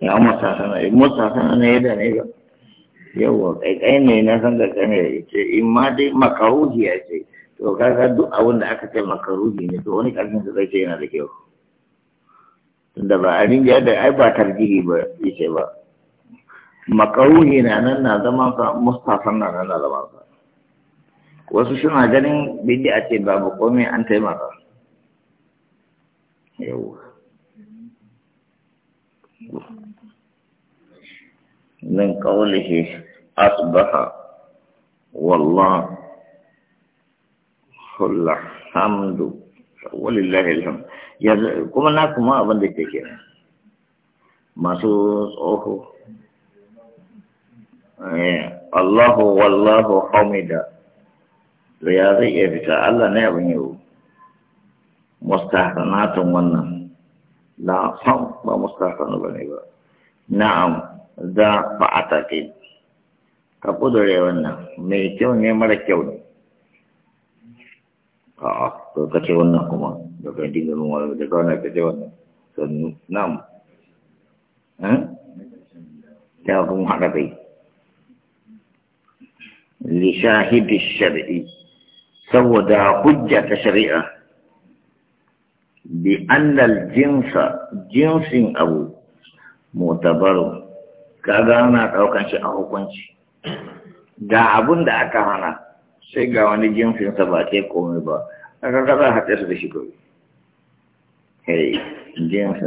ya masa sana yi masa sana ne yadda ne ba yawwa kaikai ne na san ka kane ce in ma dai makaruhi ya ce to kaga duk abin da aka ce makaruhi ne to wani karfin da zai ce yana da kyau tunda ba a rinja da ai ba tarjihi ba ce ba makaruhi na nan na zaman sa mustafan na nan na zama sa wasu suna ganin bindi a ce babu komai an taimaka yau min kawalishi asibaha wallah hulahamdu walillahi alham kuma na kuma abinda ke ke masu tsoho eh, Allahu wallahu hamida. to ya zai iya fita Allah ne abin yau mustahsanatun wannan la sam ba mustahsanu bane ba na'am za fa'ata ke ka kudure wannan mai kyau ne mara kyau ne a'a to ka ce wannan kuma daga dinga nuna daga wannan ka ce wannan sannu na'am ya eh? kuma haɗa bai li shahidi shar'i سودا حجة شريعة بأن الجنس جنس أو معتبر كذا أو كان شيء أو كان شيء دا أبون دا كهانا سيجا وان الجنس سباتي كومي با كذا حتى سبشي كومي هي جنس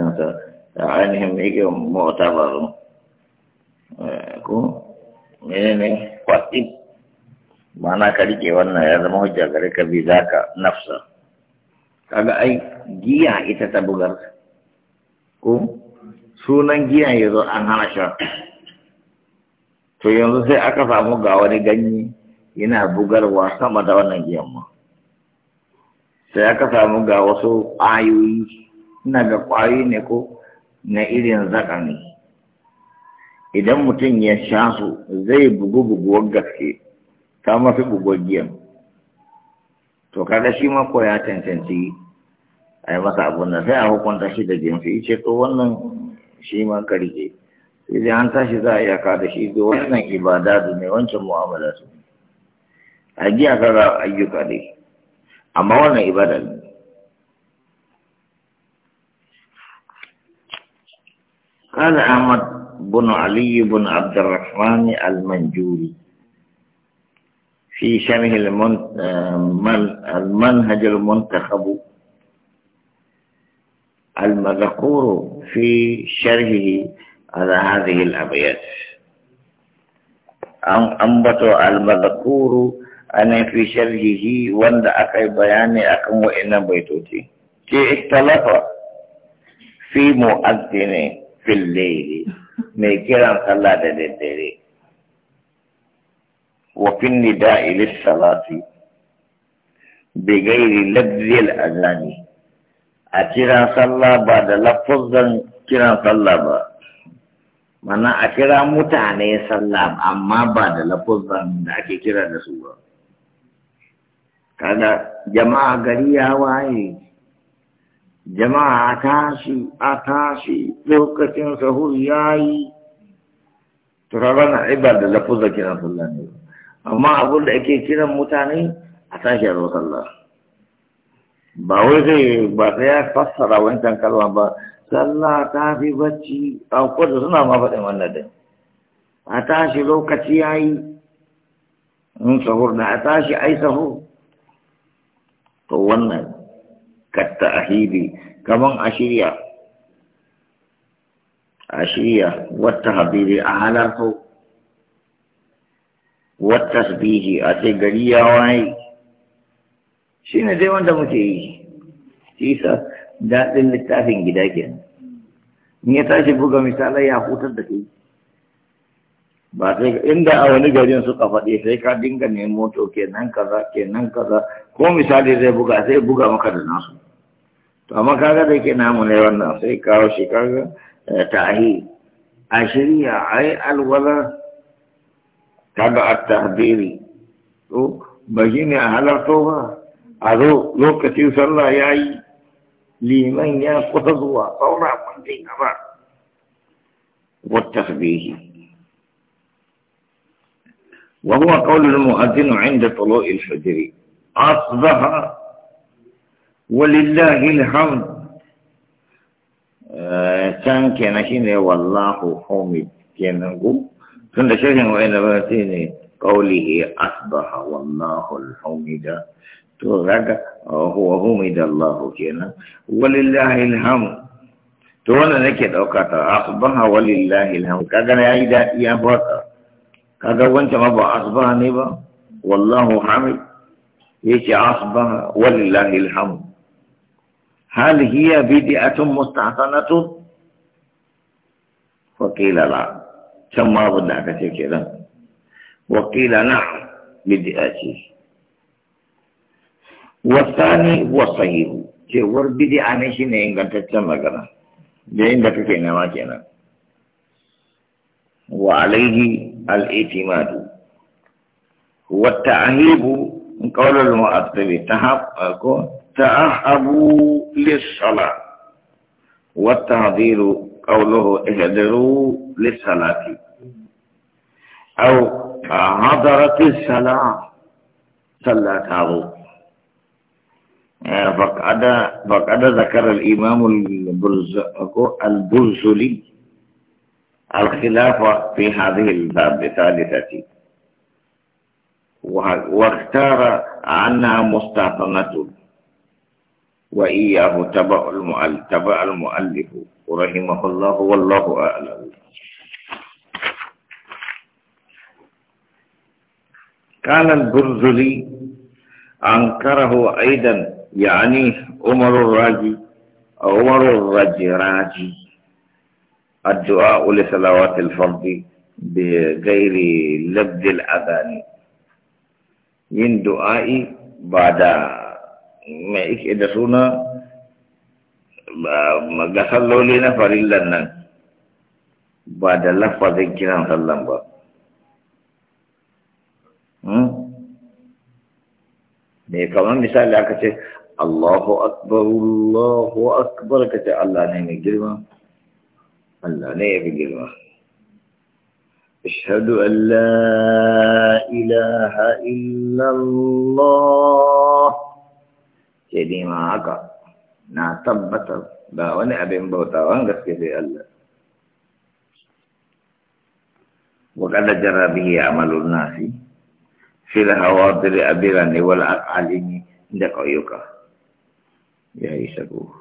عنهم يجي معتبر أه، كو منين قطيب mana ka rike wannan ya zama hujja gare ka bi za ka nafsa kaga ai giya ita ta bugar ko sunan giya ya zo an hana sha to yanzu sai aka samu ga wani ganye yana bugarwa sama da wannan giyan ma sai aka samu ga wasu ƙwayoyi ina ga ƙwayoyi ne ko na irin zaƙa ne idan mutum ya sha su zai bugu buguwar gaske ta mafi bugogiyan to kaga shi ma ko ya cancanci a yi masa abun nan sai a hukunta shi da jinsi ce to wannan shi ma karje sai an tashi za a iyaka da shi da wannan ibada da ne wancan mu'amala su a giya kaga ayyuka dai amma wannan ibada ne قال أحمد بن علي بن عبد الرحمن المنجوري fi shamih al manhaj al muntakhab al madhkur fi sharh ala hadhihi al abyat am ambato fi sharh wa la bayani akan wa inna baytuti ki ikhtalafa fi mu'addini fil layli ma kiran sallata dadi وفي النداء للصلاة بغير لفظ الأذان أكرا صلى بعد لفظا كرا صلى بعد mana a kira mutane sallah amma ba da lafuzan da ake kira da su ba kada jama'a gari ya waye jama'a tashi tashi lokacin sahur ya yi turarana ibar da lafuzan kira sallah ne amma abin da ake kiran mutane a tashi a sallah ba wai zai ba sai ya fassara wancan kalma ba sallah ta fi bacci a kudu suna ma faɗin wannan din a tashi lokaci ya yi in sahur na a tashi ai sahur to wannan katta ahidi kaman a shirya a shirya wata habiri a halar hau gari ya waye? Shi ne والتسبيح أتقري وعي شين دي وانت مكي شيسا دات للتافين ya tashi buga بوغا ya hutar da دكي ba sai inda a wani garin suka faɗi sai ka dinga nemo to kenan kaza kenan kaza ko misali zai buga sai buga maka da nasu to amma kaga da ke namu ne wannan sai kawo shi kaga tahi a shirya ai alwala تبع التحضير بجيني أهلرتوها ارو لو كثير صلى ياي لمن يقتضوا طورا من دين والتخبيه وهو قول المؤذن عند طلوع الفجر أصبح ولله الحمد آه، كان كان والله حمد كان كنت شيخا وإن باتين قوله أصبح والله الحمد تغدى هو حمد الله كينا ولله الحمد تونا نكيد أوقات أصبح ولله الحمد كذا نعيد يا بابا كذا وانت ما أصبح نبا والله حمد يجي أصبح ولله الحمد هل هي بدئة مستحسنة؟ فقيل لا can ma abin da aka ce kenan wakila na a ce wasani wasahihu cewar bid'a ne ingantaccen magana da inda kake nema kenan wa alaihi al-itimadu wa ta قول المؤثر تعهب للصلاة والتحضير قوله اهدروا للصلاة أو حضرت الصلاة صلى تعظوا آه، فقد فقد ذكر الإمام البرزلي الخلاف في هذه الباب الثالثة واختار عنها مستثنة وإياه تبع المؤلف, تبع المؤلف رحمه الله والله أعلم كان البرزلي أنكره أيضا يعني عمر الراجي عمر الراجي راجي الدعاء لصلوات الفرض بغير لبد الأذان من دعائي بعد mai ike da suna ga salloli na farillan nan ba da lafazin kiran sallan ba mai kamar misali aka ce Allahu akbar Allahu akbar ka ce Allah ne mai girma Allah ne ya fi girma أشهد أن لا إله إلا الله Sai ni ma haka na tabbatar ba wani abin bautawan gaske sai Allah wa kada jarra bihi amalun nasi fil a birane wal al'alini da ƙauyuka ya yi shago